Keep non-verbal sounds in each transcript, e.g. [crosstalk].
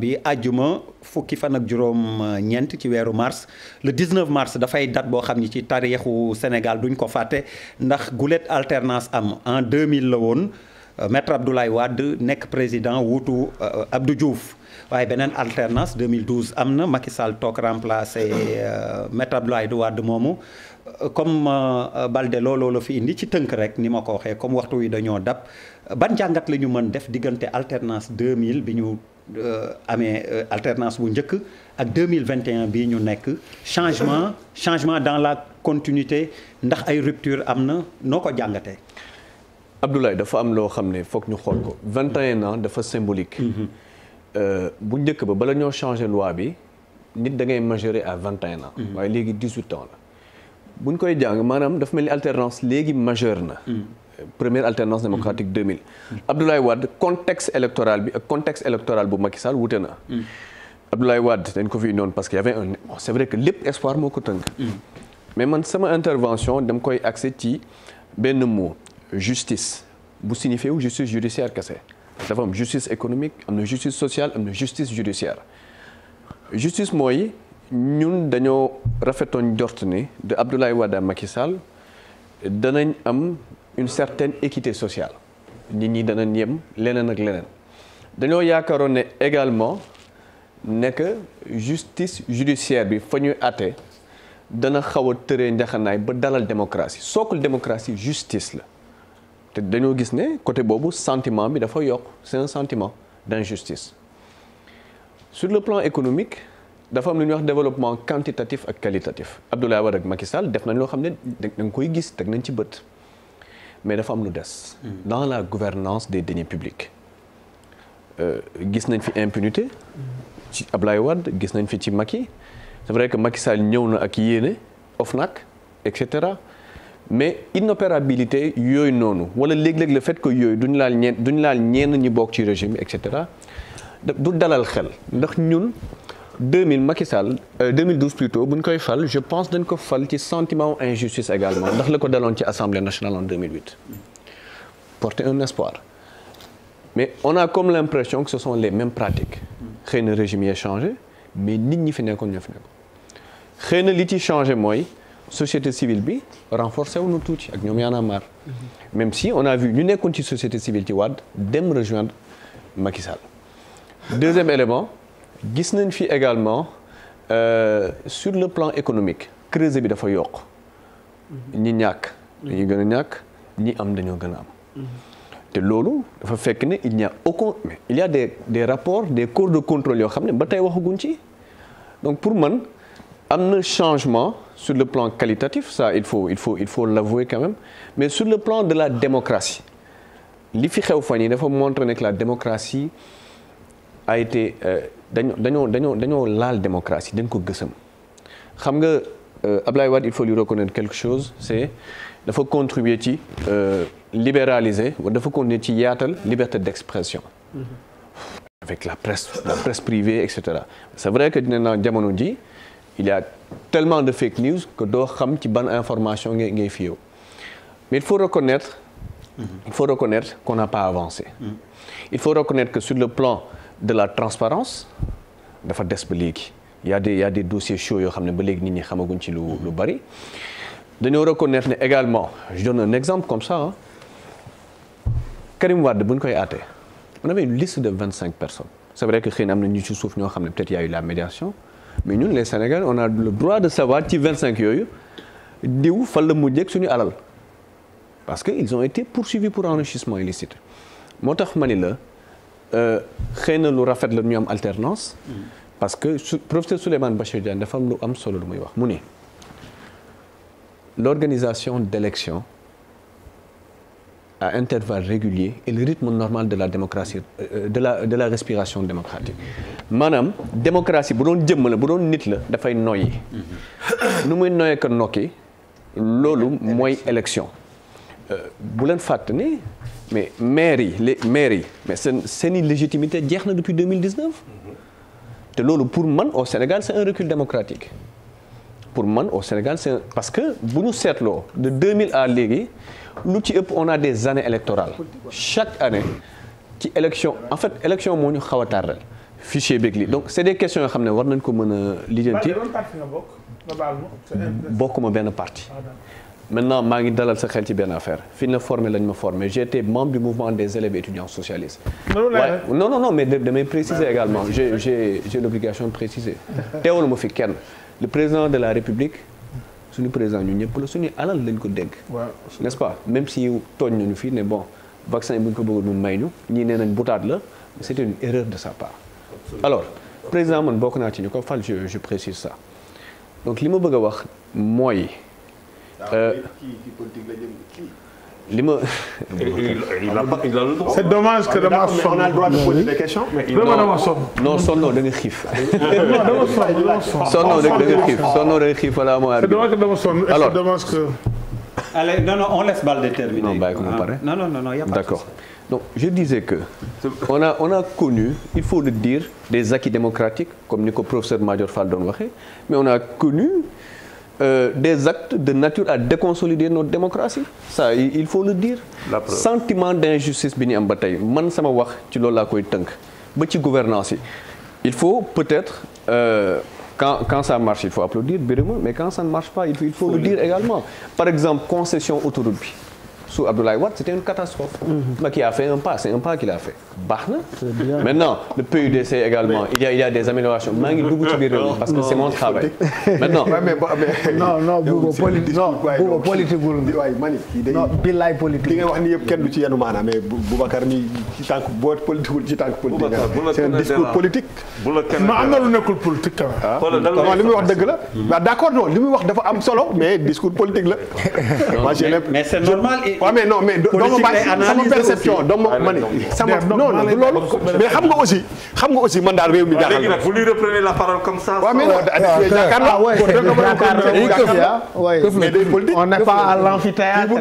bi àjjuma fukki fan ak juróom ñeent ci weeru mars le 19 mars dafay date boo xam ni ci taarixu Sénégal duñ ko fàtte ndax gulet alternance am en 2000 la woon euh, maître Abdoulaye Wade nekk président wuutu euh, Abdou Diouf waaye beneen alternance 2012 am na Macky Sall toog remplacé euh, maître Abdoulaye Wade moomu comme euh, Balde looloo la fi indi ci tënk rek ni ma ko waxee comme waxtu wi dañoo dab ban jàngat la ñu mën def diggante alternance 2000 bi ñu euh, amee euh, alternance bu njëkk ak 2021 bii ñu nekk changement changement dans la continuité ndax ay rupture am na noo ko jàngatee. Abdoulaye dafa am loo xam ne foog ñu xool ko 21 ans dafa symbolique. Mhm. bu njëkk ba bala ñoo changer loi bi nit da ngay majorer à 21 ans. Mhm. waaye léegi 18 ans la. bu buñ koy jàng maanaam dafa mel ni alternance léegi majeure na. Hmm. première alternance démocratique 2000. Hmm. Abdoulaye Wade contexte électoral bi ak contexte électoral bu Macky Sall wute na. Hmm. Abdoulaye Wade dañ ko fi noonu parce que y avait un bon, c'est lépp espoir moo ko tënk. mais man sama intervention dam koy axé ci benn mot justice bu signifié wu justice judiciaire kese dafa am justice économique am na justice sociale am na justice judiciaire justice mooy. ñun dañoo rafetoon jort ni de Abdoulaye Wade Macky Sall danañ am une certaine équité sociale nit ñi danañ yem leneen ak leneen dañoo yaakaaroon ne également nekk justice judiciaire bi fa ñuy àtte dana xaw a tëree njaxanaay ba dalal démocratie sookul démocratie justice la te dañoo gis ne côté boobu sentiment bi dafa yokk c'est un sentiment d'injustice sur le plan économique dafa am lu ñuy wax développement quantitatif ak qualitatif Abdoulaye Wade ak Macky Sall def nañ loo xam ne da nga koy gis teg nañ ci bët mais dafa am lu des. Hmm. dans la gouvernance des deniers publics euh, gis nañ fi impunité ci Abdoulaye Wade gis nañ fi ci Macky c'est vrai que Macky Sall ñëw na ak yéene OFNAC et cetera mais inopérabilité yooyu noonu wala léeg-léeg le fait ko yooyu duñ laal ñeen duñ laal ñenn ñi bokk ci régime et cetera du dalal xel ndax ñun. 2000 Macky Sall 2012 euh, plutôt bu ñu koy fal je pense dañ ko fal ci sentiment injustice également ndax la ko daloon ci assemblée nationale en 2008 un espoir mais on a comme l'impression que ce sont les mêmes pratiques xëy na régime yi changé mais nit ñi fi nekkoon ñoo fi nekkoon xëy na li ci changé mooy société civile bi renforcé wu ñu tuuti ak ñoom Y'en a marre même si on a vu ñu nekkoon ci société civile ci Wade dem rejoindre Macky Sall deuxième élément gis nañ fi également euh, sur le plan économique creuset bi dafa yokk ñi ñàkk dañuy gën a ñàkk ñi am dañoo gën a am mm-hmm. te loolu dafa fekk ne il n'y a aucun mais il y a des des rapports des corps de contrôle yoo xam ne ba tey waxaguñ ci donc pour man am na changement sur le plan qualitatif ça il faut il faut il faut l'avouer quand même mais sur le plan de la démocratie li fi xew fan yi dafa montrer ne que la démocratie a été euh, dañoo dañoo dañoo dañoo laal démocratie dañ ko gësam xam nga euh, Ablaye Wade il faut lui reconnaître quelque chose c'est dafa contribuer ci euh, libéraliser dafa continuer ci yaatal liberté d'expression mm-hmm. avec la presse la presse et cetera c'est vrai que dina naa jamono ji il y tellement de fake news que doo xam ci ban information ngay ngay fiyew mais il faut reconnaître mm-hmm. il faut reconnaître qu'on n'a pas avancé mm-hmm. il faut reconnaître que sur le plan de la transparence dafa des ba léegi yaa a des y a des yoo xam ne ba léegi nit ñi xamaguñ ci lu lu bari dañoo reconnaître ne également je donne un exemple comme ça hein. Karim Wade bu ñu koy aatee on avait une liste de vingt cinq personnes c'est vrai que xëy na am na ñu ci suuf ñoo xam ne peut-être y la médiation mais ñun les sénégal on a le droit de savoir ci vingt cinq yooyu diw fan la mujjee ak suñu alal parce que ils ont été poursuivis pour enrichissement illicite moo tax ma ni la. Euh, xëy na lu rafet la ñu am alternance parce que professeur Souleymane Bachir Diagne dafa am lu am solo lu muy wax mu ne l'organisation d'élections à intervalles réguliers et le rythme normal de la démocratie euh, de la de la respiration démocratique maanaam démocratie bu doon jëmm la bu doon nit la dafay noyyi nu muy noyyee ko nokki loolu mooy élection euh, bu leen fàtte ni mais maires yi les maires yi mais seen seen i légitimité jeex na depuis 2019 te loolu pour man au Sénégal c'est un recul démocratique pour man au Sénégal c'est parce que bu ñu seetloo de 2000 à léegi lu ci ëpp on a des années électorales chaque année ci élection en fait élection moo ñu xaw a tardal fichier beeg lii donc c'est des questions oo xam ne war nañ ko mën a lijjanti ma benn parti ah, maintenant maa ngi dalal sa xel ci benn affaire fi ñu la formé lañ ma formé j'étais membre du mouvement des élèves étudiants socialistes. Ouais. non non non mais damay préciser également j'ai j'ai j'ai l'obligation de préciser. [laughs] teewul ma fi kenn le président de la République suñu président ñu ñëpp la suñu alal lañ ko dénk. n'est-ce pas même si tooñ nañu fii ne bon vaccin bu ñu ko bëggoon mu may ñu ñii nee nañ butaat la c'était une erreur de sa part. alors président man bokk naa ci ñu ko fal je je précise li ma bëgg a wax mooy. li ma. c'est dommage que ah, dama sonn. on a le droit de poser des questions. non sonnoo da nga xiif. [laughs] sonnoo da nga xiif sonnoo da nga xiif voilà mooy. c'est dommage que dama sonn et c'est dommage que. allez non non on laisse Baldé terminer. non bàyyi ko mu ah, pare. non non non y a pas d'accord donc je disais que. on a on a connu il faut le dire des acquis démocratiques comme ni ko professeur Madior Fall doon waxee mais on a connu. euh, des actes de nature à déconsolider notre démocratie ça il faut le dire sentiment d'injustice bi ñu am ba tey man sama wax ci loolu laa koy tënk ba ci gouvernance yi il faut peut-être euh, quand quand ça marche il faut applaudir Birima mais quand ça ne marche pas il faut, le dire également par exemple concession autoroute bi sous Abdoulaye Wade c'était une catastrophe. Mhm. Macky a fait un pas c'est un pas qu'il a fait. baax na maintenant le PUDC également il y a il y a des améliorations maa ngi dugg ci biir réew parce que c'est mon travail. [laughs] maintenant [laughs] non non buuba politique non buuba politique wul. waay mani non billaay politique. li nga wax ni yëpp kenn du ci yenu maanaam mais Boubacar ni ci tànk boo politique wul ci tànk politique. c'est un discours politique. non am na lu nekkul politique quand même. non li muy wax dëgg la. waaw d'accord non li muy wax dafa am solo mais discours politique la. mais c'est normal waaw mais non mais doo ma bàyyi sama perception doo ma ma ne sama non non loolu mais xam nga aussi xam nga aussi man daal réew mi jaaxal léegi nag vous lui reprenez la parole comme ça waaw mais ah, yaakaar naa ah, ko ah. mais day politique on n'est pas à l'amphithéâtre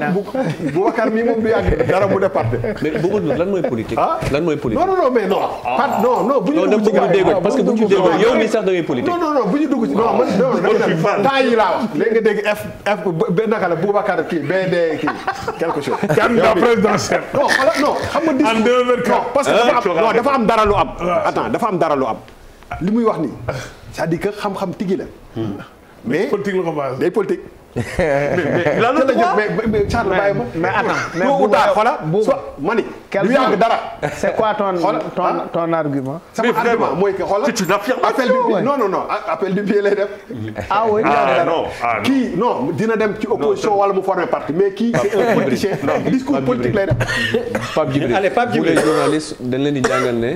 bu Bakar mi moom du yàgg dara mu départé mais bëggoon na lan mooy politique lan mooy politique non non mais non non non bu ñu dugg parce que bu ñu déggoo yow mi sax da ngay politique non non non bu ñu dugg ci non man non temps yi laa wax léegi nga dégg F F b naka la Boubacar kii BD kii [laughs] quelque chose. [laughs] candidat présidentiel. non non xam nga. en 2024 non parce que dafa am non dafa am dara lu am. attends dafa am dara lu am. li muy wax nii c'est-à-dire que xam-xam tigi la. Hmm. mais politique la ko base. day politique. mais lan la jot mais mais Charles bàyyi ma. mais attends bu utaar xoola bu mani. lu dara. c'est quoi ton ton ah. ton argument. sama argument mooy que xoola. c'est une affirmation non non non appel du pied lay def. ah, ah, ah non dina dem ci opposition wala mu former parti mais kii c'est un politicien discours politique lay def. Pape Djibril allez Pape Djibril journaliste dañ leen di jàngal ne.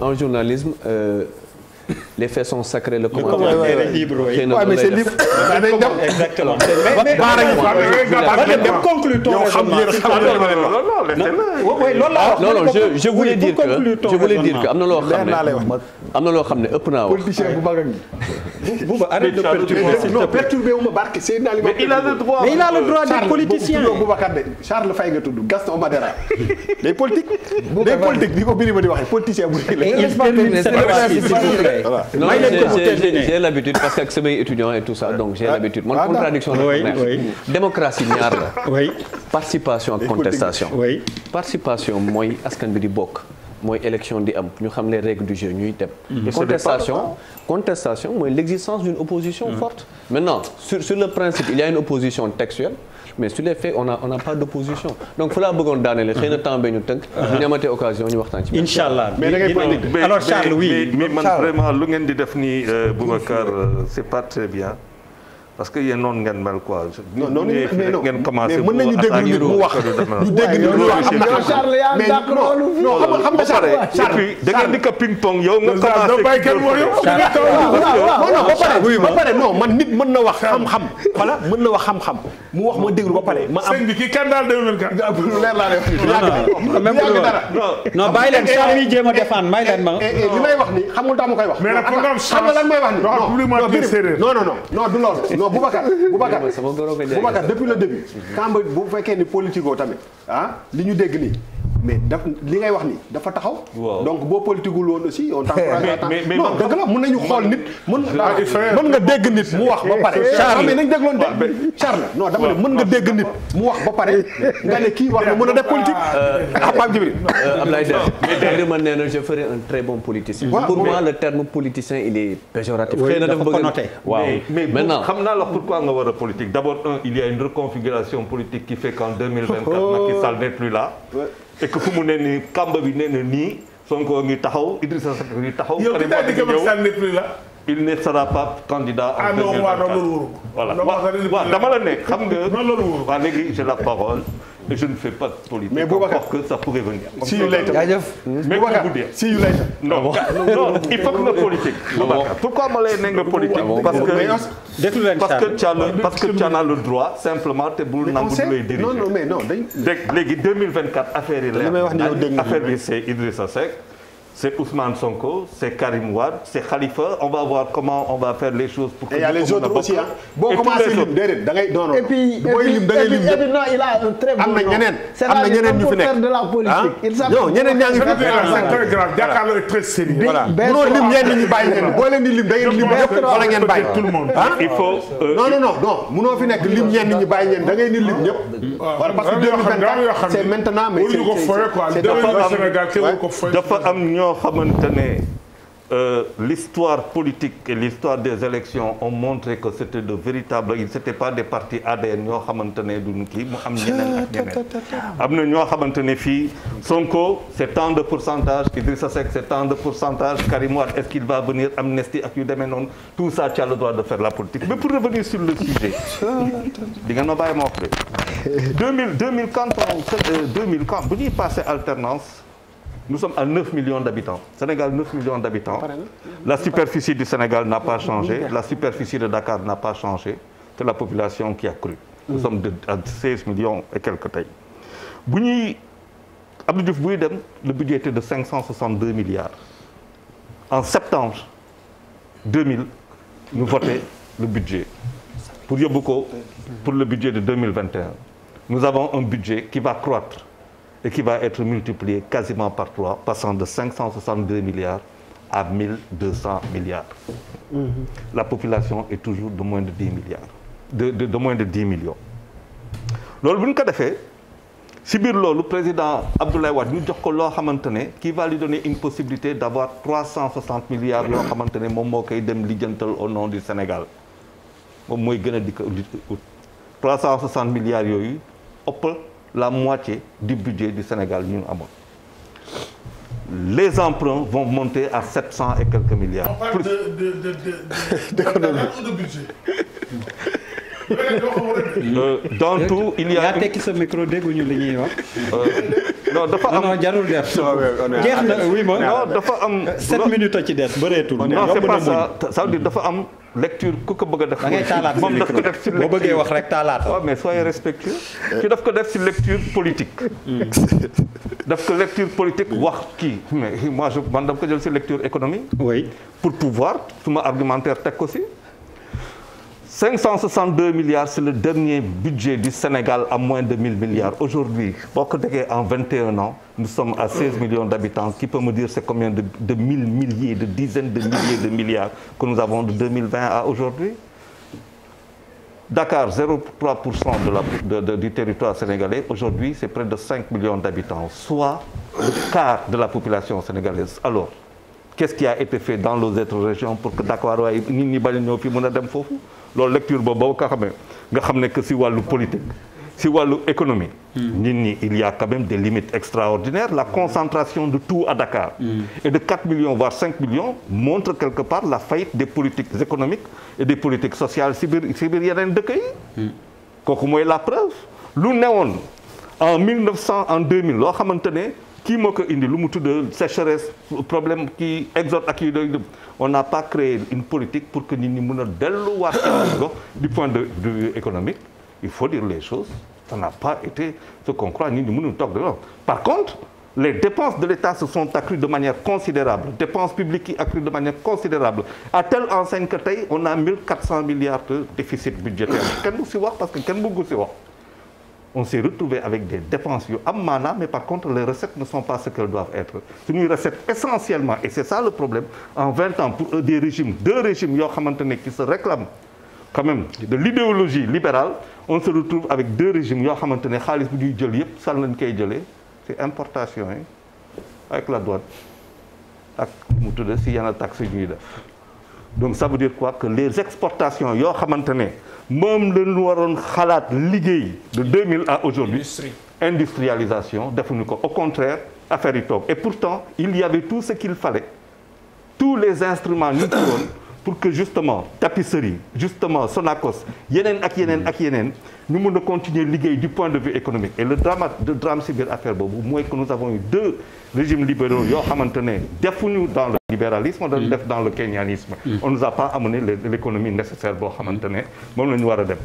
en journalisme. Euh, les faits sont sacrés le commentaire est libre mais c'est libre exactement non non je je voulais dire que je voulais dire que am na loo xam ne am na loo xam ne ëpp naa wax politicien bu mag [laughs] bu bu arrête de perturber non perturber wu ma barke c'est mais il a le droit mais il a le droit des politiciens Boubacar de Charles Faye nga tudd Gaston Madera des [laughs] politiques des politiques di ko biri ma di waxe politicien bu rek la voilà. non j'ai l'habitude parce que ak samay étudiants et tout ça euh, donc j'ai ah, l'habitude man ah, contradiction la démocratie ñaar la. [laughs] oui participation ak contestation. participation mooy askan bi di bokk. mooy élection di am ñu xam les règles du jeu ñuy dem. Mhm. contestation contestation mooy l'existence d'une opposition mhm. forte. maintenant sur sur le principe il y a une opposition textuelle. mais sur les on a on n'a pas d'opposition donc fu laa bëggoon daanelee xëy na temps bee ñu tënk. Uh-huh. ñu amatee occasion ñu waxtaan ci. incha allah mais Charles oui. mais man vraiment lu ngeen di def nii euh, Boubacar euh, c'est pas très bien. parce que yéen noonu ngeen mel quoi. non non ngeen commencé. mu wax ñu dégg nit mu wax mais non xam nga Charles Charles et puis ping pong yow nga commencé. kenn non ba pare non man nit mën na wax xam-xam. voilà mën na wax xam-xam mu wax ma déglu ba pare ma am. sëñ bi kii kan daal déglu leen kan. leer laa leen yàgg dara non bàyyi leen Charles yi jéem a défendre may leen ma. li may wax ni xam nga lu tax ma koy wax. mais nag programme Charles xam nga lan may wax ni. non non non du loolu non Boubacar Boubacar Boubacar depuis le début. Kamba bu fekkee ni politico tamit ah li ñu dégg nii. mais daf li ngay wax ni dafa taxaw. donc boo politique wul woon aussi on t'encourage à [laughs] non dëgg la mën nañu xool nit. mën ah, mën nga dégg nit mu wax ba pare. Charles mais nañ dégloon de ah, Charles non dama ne mën nga dégg nit mu wax ba pare nga ne kii wax na mën a def politique. ah, ah Pape Djibril. Euh, Abdoulaye Deme vraiment nee na je ferai un très bon politicien. pour moi le terme politicien il est péjoratif. xëy na dafa bëgg waaw mais maintenant xam naa la pourquoi nga war et que fu mu ne nii kàmb bi nee na nii Sonko ngi taxaw Idrissa Seck ngi taxaw. yow ki daal di gëm ak la. il ne sera pas candidat. en 2024 ah non waaw loolu wóorul. voilà waaw dama la ne xam nga. non loolu wóorul waaw léegi c'est la parole. je ne fais pas de politique. mais Boubacar que ça pourrait venir. si yu lay tam mais Boubacar si yu lay tam non non ah ma lay ne nga politique. parce que parce que le droit simplement te bul nangu lay diriger. non non mais non léegi 2024 affaire yi leer. c'est Ousmane Sonko, c'est Karim Ouad, c'est Khalifa. On va voir comment on va faire les choses pour que. Et il y a les autres aussi ah. boo commencé lim déedéet da ngay non non. et puis et puis non il a un très bon am na ñeneen am na ñeneen ñu fi nekk de la politique. non ñeneen ñaa ngi fi nekk jàkkaarloo très sérieux. voilà munoo lim ñenn ñi bàyyi ngeen boo leen di lim da ngeen lim yëpp wala ngeen bàyyi. ah il faut. Euh, non non non non munoo fi nekk lim ñenn ñi bàyyi ngeen da ngay ni lim ñëpp. Ah. parce que 2024 c'est maintenant mais c'est dafa am ñoo xamante ne euh, l'histoire politique et l'histoire des élections ont montré que c'était de véritables ils c'était pas des partis ADN ñoo xamante ne duñu kii mu am ñeneen ak ñeneen am na ñoo xamante ne fii Sonko c'est tant de pourcentage Idrissa Seck c'est tant de pourcentage Karim Wade est-ce qu'il va venir amnistie ak yu demee noonu tout ça tu as le droit de faire la politique mais pour revenir sur le sujet di ngeen ma bàyyi ma wax de 2000 2000 quand on 2000 quand bu ñuy passé alternance nous sommes à 9 millions d'habitants. Sénégal, 9 millions d'habitants. La superficie du Sénégal n'a pas changé. La superficie de Dakar n'a pas changé. C'est la population qui a cru. Nous mm. sommes de, à 16 millions et quelques tailles. Bougny, le budget était de 562 milliards. En septembre 2000, nous votons le budget. Pour Yoboko, pour le budget de 2021, nous avons un budget qui va croître et qui va être multiplié quasiment par 3, passant de 562 milliards à 1200 milliards. Mmh. La population est toujours de moins de 10 milliards, de, de, de moins de millions. loolu bu ñu ko defee si biir loolu président Abdoulaye Wade ñu jox ko loo xamante ne qui va lui donner une possibilité d' avoir 360 milliards yoo xamante ne moom moo koy dem lijjantal au nom du Sénégal moom mooy gën a di ko 360 milliards yooyu ëpp. la moitié du budget du Sénégal ñu amoon les emprunts vont monter à sept cent et quelques milliards. On parle plus de de de de d'économie de budget. Euh, dans tout il y a. tekki sa micro dégguñu li ñuy wax. Euh, dafa am non jarul def. non dafa am. sept minutes ci des bëreetul. non c'est pas ça ça dire dafa am. lecture ku ko bëgg def. da ngay taalaat moom daf ko def ci lecture boo bëggee wax rek taalaat. waaw mais soyez daf ko def ci lecture politique. Mm. daf ko lecture politique wax kii. mais moi je man dama ko jël ci lecture économie. oui pour pouvoir suma argumentaire teg ko ci. 562 milliards, c'est le dernier budget du Sénégal à moins de 1000 milliards. Aujourd'hui, en 21 ans, nous sommes à 16 millions d'habitants. Qui peut me dire c'est combien de, de mille milliers, de dizaines de milliers de milliards que nous avons de 2020 à aujourd'hui Dakar, 0,3% de de, du territoire sénégalais. Aujourd'hui, c'est près de 5 millions d'habitants, soit le quart de la population sénégalaise. Alors, qu'est-ce qui a été fait dans les autres régions pour que Dakar ait une loolu lecture boobu boo ko xamee nga xam ne que si wàllu politique si wàllu économie. Hmm. nit ñi il y a quand même des limites extraordinaires la hmm. concentration de tout à Dakar. Hmm. et de 4 millions voire 5 millions montre quelque part la faillite des politiques économiques et des politiques sociales si biir si biir yeneen dëkk kooku mooy la preuve lu newoon en 1900 en 2000 loo xamante ne. kii moo ko indi lu mu tudd sécheresse problème kii exode ak yi doy on n'a pas créé une politique pour que nit ñi mën a delluwaat gox du point de vue de loolu par contre les dépenses de l'État se sont accrues de manière considérable dépenses publiques yi accrues de manière considérable à telle enseigne que tey on a milliards de déficit budgétaire kenn du si wax parce que kenn bëggu si wax on s'est retrouvé avec des dépenses yu am maanaam mais par contre les recettes ne sont pas ce qu'elles doivent être suñuy recettes essentiellement et c'est ça le problème en vingt ans pour des régimes deux régimes yoo xamante ne qui se réclament quand même de l'idéologie libérale on se retrouve avec deux régimes yoo xamante ne xaalis bu ñuy jël yëpp san lañ koy jëlee c'est importation yi avec la douane ak mu tudde si yenn taxes yu ñuy def donc ça veut dire que les exportations yoo xamante ne moom lañu waroon xalaat liggéey de 2000 à aujourd'hui industrialisation defuñu ko au contraire affaire yi toog et pourtant il y avait tout ce qu'il fallait tous les instruments ñu ci pour que justement tapisserie justement Sonacos yeneen ak yeneen ak yeneen ñu mën a continuer liggéey du point de vue économique et le drame le drame ci biir affaire boobu mooy que nous avons eu deux régimes libéraux yoo xamante ne defuñu dans le libéralisme dañu def dans le keynésisme on nous a pas amené l'économie nécessaire boo xamante ne moom la ñu war a dem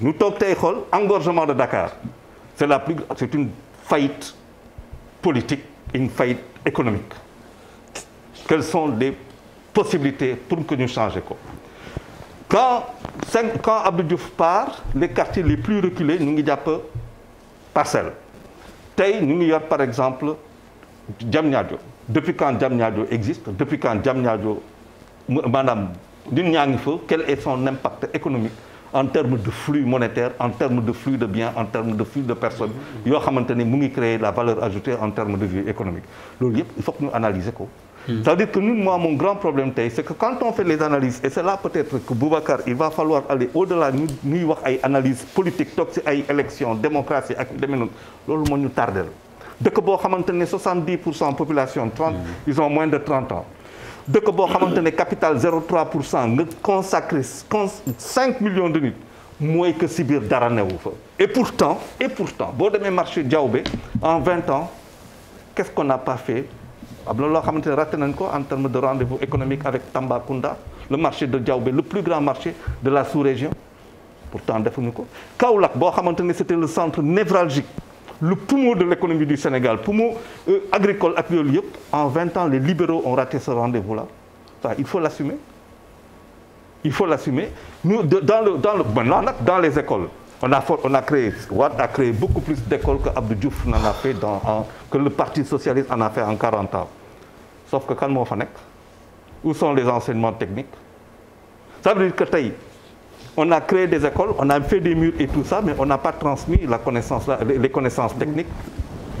ñu toog tey xool engorgement de Dakar c'est la plus c'est une faillite politique une faillite économique quels sont les possibilité pour que ñu changer ko quand cinq quand Abdou Diouf part les quartiers les plus reculés ñu ngi jàpp parcelle tey ñu ngi yor par exemple Diamniadio depuis quand Diamniadio existe depuis quand Diamniadio maanaam ñun ñaa ngi fa quel est son impact économique en termes de flux monétaire en termes de flux de biens en termes de flux de personnes yoo xamante ne mu ngi créer la valeur ajoutée en termes de vie économique loolu yëpp il faut que ñu analyser ko Hmm. C'est-à-dire que nous, moi, mon grand problème, c'est que quand on fait les analyses, et c'est là peut-être que Boubacar, il va falloir aller au-delà, nous, nous, analyse politique, toxique, élection, démocratie, c'est nous tarder. Dès que 70% population, 30, hmm. ils ont moins de 30 ans. Dès que capital 0,3%, nous consacrer 5 millions de nuits. mooy que si biir dara newu fa et pourtant et pourtant boo demee marché Diaoubé en vingt ans qu'est-ce am na loo xamante ne raté nañ ko en termes de rendez-vous économique avec Tambacounda le marché de Diaoubé le plus grand marché de la sous-région pourtant defuñu ko Kaolack boo xamante ne c'était le centre névralgique le poumon de l'économie du Sénégal poumon euh, agricole ak yooyu yëpp en vingt ans les libéraux ont raté ce rendez-vous là ça il faut l'assumer il faut l'assumer nous dans le dans le maintenant nag dans les écoles On a, on a créé, Watt a créé beaucoup plus d'écoles que Abdou Diouf n'en a fait en, que le Parti socialiste en a fait en 40 ans. Sauf que quand moo fa nekk où sont les enseignements techniques ça veut dire que tey on a créé des écoles on a fait des murs et tout ça mais on n'a pas transmis la les connaissances techniques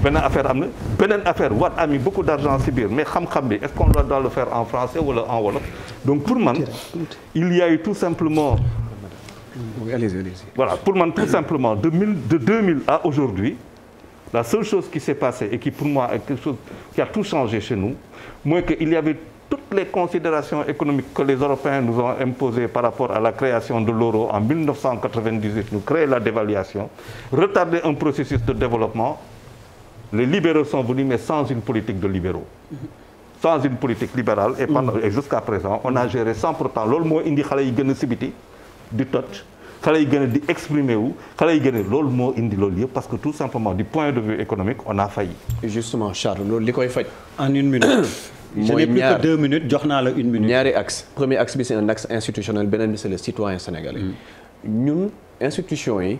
beneen affaire am na beneen affaire Wade a mis beaucoup d'argent si biir mais xam bi est-ce qu'on doit le faire en français wala en wolof donc pour man i y a Oui, allez-y, pour moi, tout simplement, de, mille, de 2000 à aujourd'hui, la qui s'est passée et qui, pour moi, est quelque chose qui a tout changé par rapport à création de l'euro en 1998, nous créer la dévaluation, retarder un processus de les libéraux sont venus, mais sans une politique de libéraux. Sans une politique libérale, et, pendant, mm. et jusqu'à présent, on a géré sans pourtant. di tot fa lay gën di exprimer wu fa lay gën a loolu moo indi loolu yëpp parce que tout simplement du point de vue économique on a failli. justement Charles loolu li koy faj. en une minute. [coughs] mooy ñaar deux minutes jox naa la une minute. ñaari axe premier axe bi c'est un beneen bi c'est le citoyen sénégalais. Mm. ñun institution yi.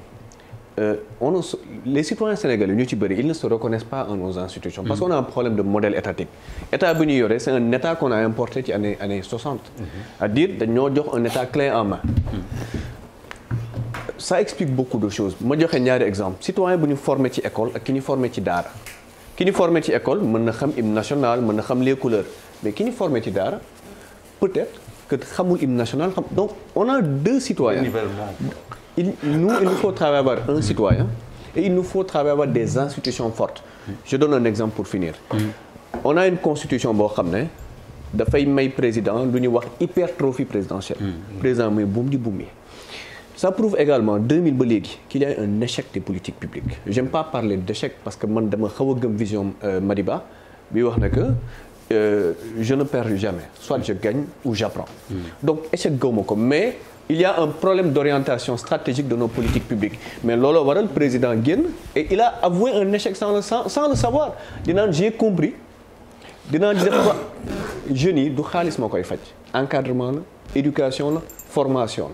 euh, on a, les citoyens sénégalais ñu ci bëri ils ne se reconnaissent pas en nos institutions. parce mm -hmm. qu'on a un problème de modèle étatique. état bi ñu yore c'est un état qu'on a importé ci année année soixante. Mm-hmm. à dire dañoo jox un état clé en main. Mm-hmm. ça explique beaucoup de choses ma joxe ñaari exemple citoyen bu ñu formé ci école ak ki ñu formé ci daara ki ñu formé ci école mën na xam hymne national mën na xam les couleurs mais ki ñu formé ci daara peut-être que xamul hymne national xam donc on il, nous, il nous faut travailler avec un citoyen et il nous faut travailler avec des institutions fortes. Je donne un exemple pour finir. On a une constitution boo xam ne dafay may président lu ñuy wax hypertrophie présidentielle. président mooy buum di buum yi. ça prouve également 2000 ba léegi qu'il y a un échec des politiques publiques j'aime pas parler d'échec parce que man dama xaw a gëm vision euh, Madiba wax na que euh, je ne perds jamais soit je gagne ou j'apprends donc échec gawma il y a un problème d'orientation stratégique de nos politiques publiques mais looloo waral président génn et il a avoué un échec sans le le savoir dinaan j'ai compris dinaan def jeunes yi du xaalis moo koy faj encadrement la éducation la formation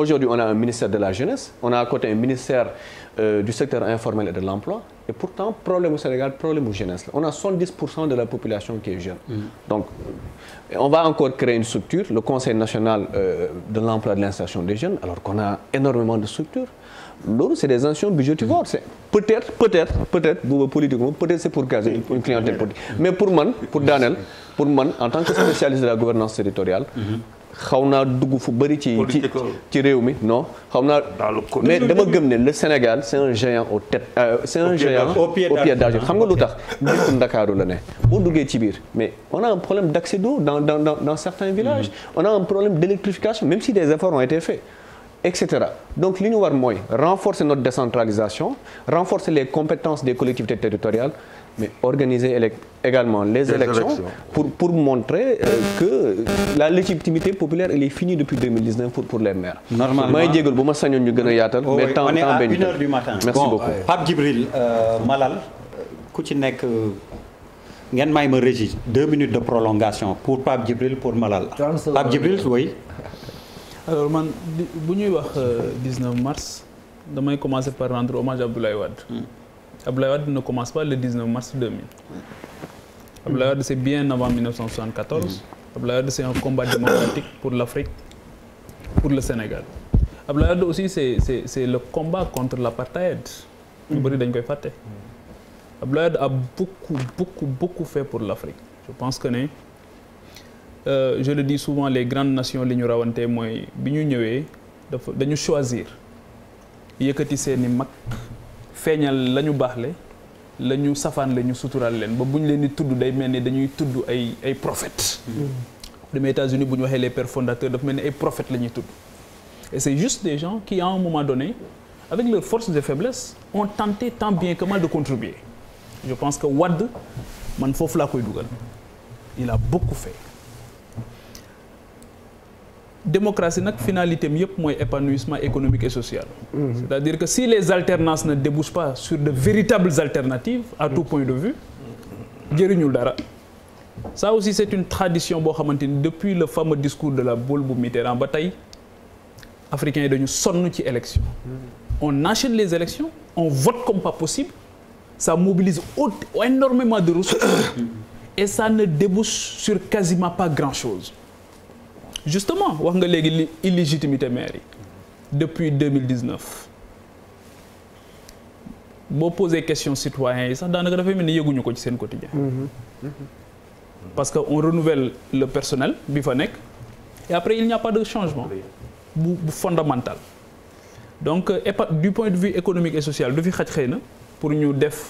Aujourd'hui, on a un ministère de la jeunesse, on a à côté un ministère euh, du secteur informel et de l'emploi. Et pourtant, problème au Sénégal, problème au jeunesse. On a de la population qui est jeune. Mmh. Donc, euh, on va encore créer une structure, le Conseil national euh, de l'emploi de l'insertion des jeunes, alors qu'on a énormément de structures. loolu c'est des anciens budgétivores mm. c'est peut-être peut-être peut peut-être c'est pour gazer une clientèle politique mm. mais pour man en tant xaw naa dugg fu bëri ci ci ci réew mi non xaw naa mais dama gëm ne le Sénégal c'est un géant au tête euh, c'est un géant au pied d'argile xam nga lu tax lépp Ndakaaru la ne boo duggee ci biir mais on a un problème d'accès d'eau dans dans dans certains villages mm-hmm. on a un problème d'électrification même si des efforts ont été faits et donc li ñu war mooy renforcer notre décentralisation renforcer les compétences des collectivités territoriales mais organiser également les, les élections, pour, pour montrer euh, que la légitimité populaire elle est finie depuis 2019 pour, pour les maires. Normalement may jégal bu ma sañoon ñu gën a yaatal. Oh, mais temps temps benn euh, euh, Malal ku ci nekk ngeen may ma régis deux minutes de prolongation pour Pape Djibril pour Malal. Pape Djibril oui. alors man bu ñuy wax 19 euh, mars damay commencer par rendre hommage à Abdoulaye Wade. Hmm. Abdoulaye Wade ne commence pas le 19 mars 2000. Abdoulaye Wade c'est bien avant 1974. Abdoulaye Wade c'est un combat démocratique pour l'Afrique, pour le Sénégal. Abdoulaye Wade aussi c'est c'est c'est le combat contre l'apartheid. ñu bëri dañ koy fàtte. Abdoulaye Wade a beaucoup beaucoup beaucoup fait pour l'Afrique. je pense que ne euh, je le dis souvent les grandes nations li ñu rawantee mooy bi ñu ñëwee dafa dañu choisir yëkkati seeni mag. feeñal la ñu baaxle la ñu safaan la ñu suturaal leen ba bu ñu leen di tudd day mel ni dañuy tudd ay ay prophètes. Mm-hmm. demee États-Unis bu ñu waxee les pères fondateurs dafa mel ni ay prophètes la ñuy tudd et c'est juste des gens qui à un moment donné avec leurs force de faiblesses ont tenté tant bien que mal de contribuer je pense que Wade man foofu laa koy dugal il a beaucoup fait. démocratie nag finalité am yëpp mooy épanouissement économique et social. Mmh. c'est-à-dire que si les alternances ne débouchent pas sur de véritables alternatives à tout point de vue jëriñul dara ça aussi c'est une tradition boo xamante ni depuis le fameux discours de la boule bu Mitterrand ba tey africains yi dañu sonn ci élection on enchaîne les élections on vote comme pas possible ça mobilise énormément de ressources et ça ne débouche sur quasiment pas grand-chose justement wax nga léegi li illégitimité maire yi depuis 2019 boo posé question citoyens yi sax daanaka dafay mel ni yëguñu ko ci seen quotidien mm-hmm. Mm-hmm. parce que on renouvelle le personnel bi fa nekk et après il n'y pas de changement bu bu fondamental donc euh, du point de vue économique et social du fi xaj xëy na pour ñu def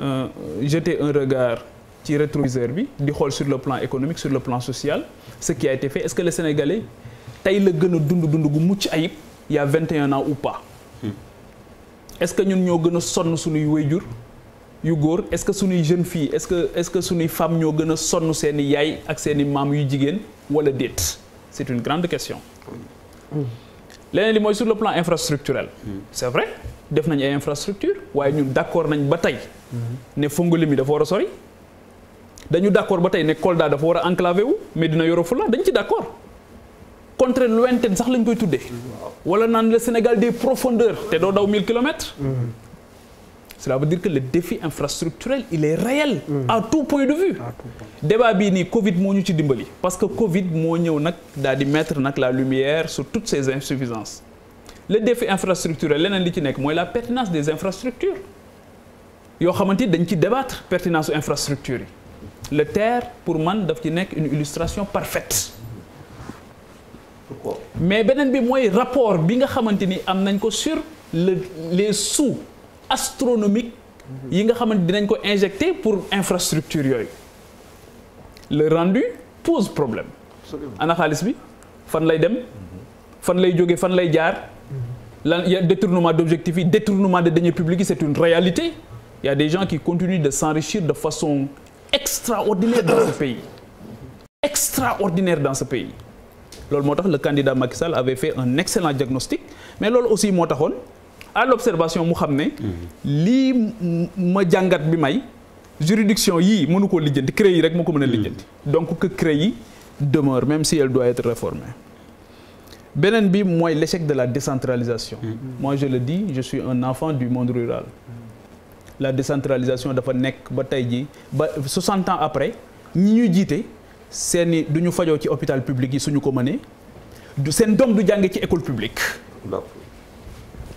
euh, jeter un regard ci rétroviseur bi di xool sur le plan économique sur le plan social ce qui a été fait est-ce tey la gën a dund dund gu mucc ayib y vingt 21 ans ou pas est-ce que ñun ñoo gën a sonn suñuy wéyjur yu góor est-ce que suñuy jeune fii est-ce que est-ce que suñuy femme ñoo gën a sonn seeni yaay ak seeni maam yu jigéen wala déet c'est une grande question leneen li mooy sur le plan infrastructurel c'est vrai def nañ ay infrastructure waaye ñun d'accord nañ ba tey ne fun dafa war a sori dañu d'accord ba tey ne Kolda dafa war a enclavé wu Médina Yoro Foulah dañ ci d'accord contrée lointaine sax lañ koy tuddee. wala naan le Sénégal des profondeurs te doo daw 1000 kilomètres. cela veut dire que le défi infrastructurel il est réel. à tout point de vue. débat bii nii Covid moo ñu ci dimbali. parce que Covid moo ñëw nag daal di mettre nag la lumière sur toutes ces insuffisances le défi infrastructurel leneen li ci nekk mooy la pertinence des infrastructures yoo xamante ni dañ ci débattre pertinence infrastructure yi. le terre pour man daf ci nekk une illustration parfaite. pourquoi mais beneen bi mooy rapport bi nga xamante ni am nañ ko sur le les sous astronomiques. yi nga xamante dinañ ko injecté pour infrastructure yooyu. le rendu pose problème. ana xaalis bi fan lay dem. fan lay jóge fan lay jaar. lan y a détournement d'objectifs yi détournement de deniers publics c'est une réalité. il des gens qui continuent de s'enrichir de façon extraordinaire dans ce [coughs] pays extraordinaire dans ce pays loolu moo tax le candidat Macky Sall avait fait un excellent diagnostic mais loolu aussi moo taxoon à l'observation mu xam ne mm-hmm. lii ma jàngat bi may juridiction yi mënu koo lijjanti CREI yi rek moo ko mën a lijjanti donc que CREI yi demeure même si elle doit être réformée beneen bi mooy l'échec de la décentralisation mm-hmm. moi je le dis je suis un enfant du monde rural la décentralisation dafa nekk ba tey jii ba 60 ans après ñi ñuy jiite seeni du ñu fajoo ci hôpital public yi suñu ko mënee du seen doom du jànge ci école publique.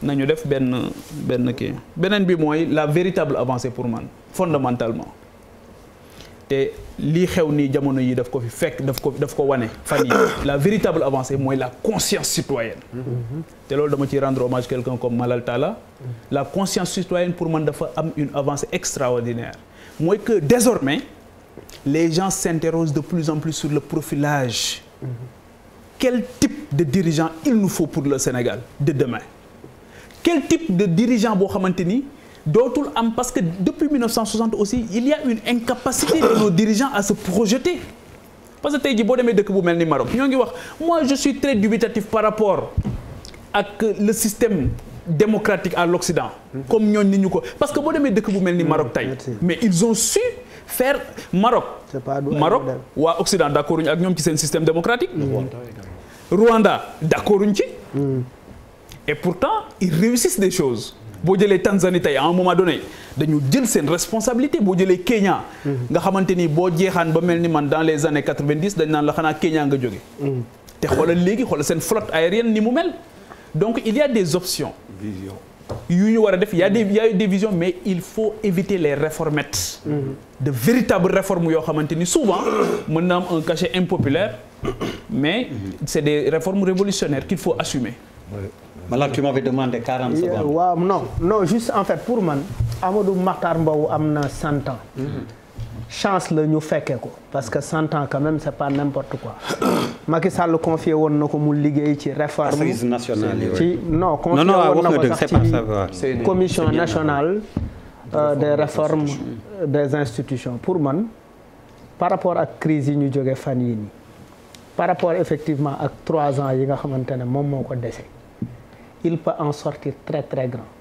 nañu def benn benn kii beneen bi mooy la véritable avancée pour man fondamentalement te lii xew nii jamono yi daf ko fi fekk daf ko daf ko wane fan yi la véritable avancée mooy la conscience citoyenne mhm. te loolu dama ciy rendre hommage quelqu'un comme Malal la la conscience citoyenne pour man dafa am une avancée extraordinaire mooy que désormais les gens s'interrogent de plus en plus sur le profilage mhm. quel type de dirigeant il nous faut pour le Sénégal de demain quel type de dirigeant boo xamante ni dootul am parce que depuis 1960 aussi il y a une incapacité de nos dirigeants à se projeter parce que tey jii boo demee dëkk bu mel ni Maroc ñoo ngi wax moi je suis très dubitatif par rapport ak le système démocratique à l'Occident comme ñooñ ni ñu ko parce que boo demee dëkk bu mel ni Maroc tey mais ils ont su faire Maroc Maroc waa Occident d'accord uñu ak ñoom ci seen système démocratique Rwanda d'accord uñ ci hmm. et pourtant ils réussissent des choses boo jëlee Tanzanie tey à un moment donné dañu jël seen responsabilité boo jëlee Kenya. Mhm. nga xamante ni boo jeexaan ba mel ni man dans les années quatre vingt dix dañ naan la xanaa Kenya nga jóge mhm. te xoolal léegi xoolal seen flotte aérienne ni mu mel. donc il y a des options. yu ñu war a def y a des y a des visions mais il faut éviter les réformettes. Mhm. de véritable réformes yoo xamante ni souvent mën na am un cachet impopulaire mais c'est des réformes révolutionnaires qu'il faut assumer. Malal, tu m'avais demandé waaw no non en fait pour man Amadou Makhtar Mbow am na 100 ans. Mm-hmm. chance la ñu fekkee ko parce que 100 ans quand même c' est pas n' quoi [coughs] Macky Sall confié woon na ko mu liggéey ci réforme. nationale yi ci no confié woon ko sax ci commission nationale. Euh, des réformes des institutions pour man par rapport ak crise yi ñu jógee fan yi nii par rapport effectivement ak trois ans yi nga xamante ne moom moo ko dese. il peut en sortir très très grand.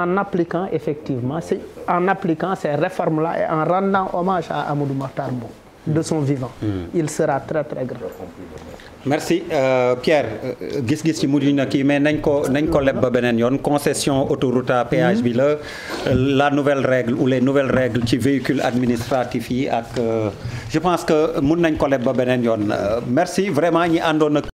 en appliquant effectivement en appliquant ces réformes-là et en rendant hommage à Amadou Mahtar Mbow de son vivant hmm. il sera très très grand merci euh, Pierre euh, gis-gis ci mujj na kii mais nañ ko nañ ko leb ba beneen yoon concession autoroute à péage bi la hmm. euh, la nouvelle règle ou les nouvelles règles ci véhicules administratifs yi ak je pense que mun nañ ko leb ba merci vraiment ñi àndoon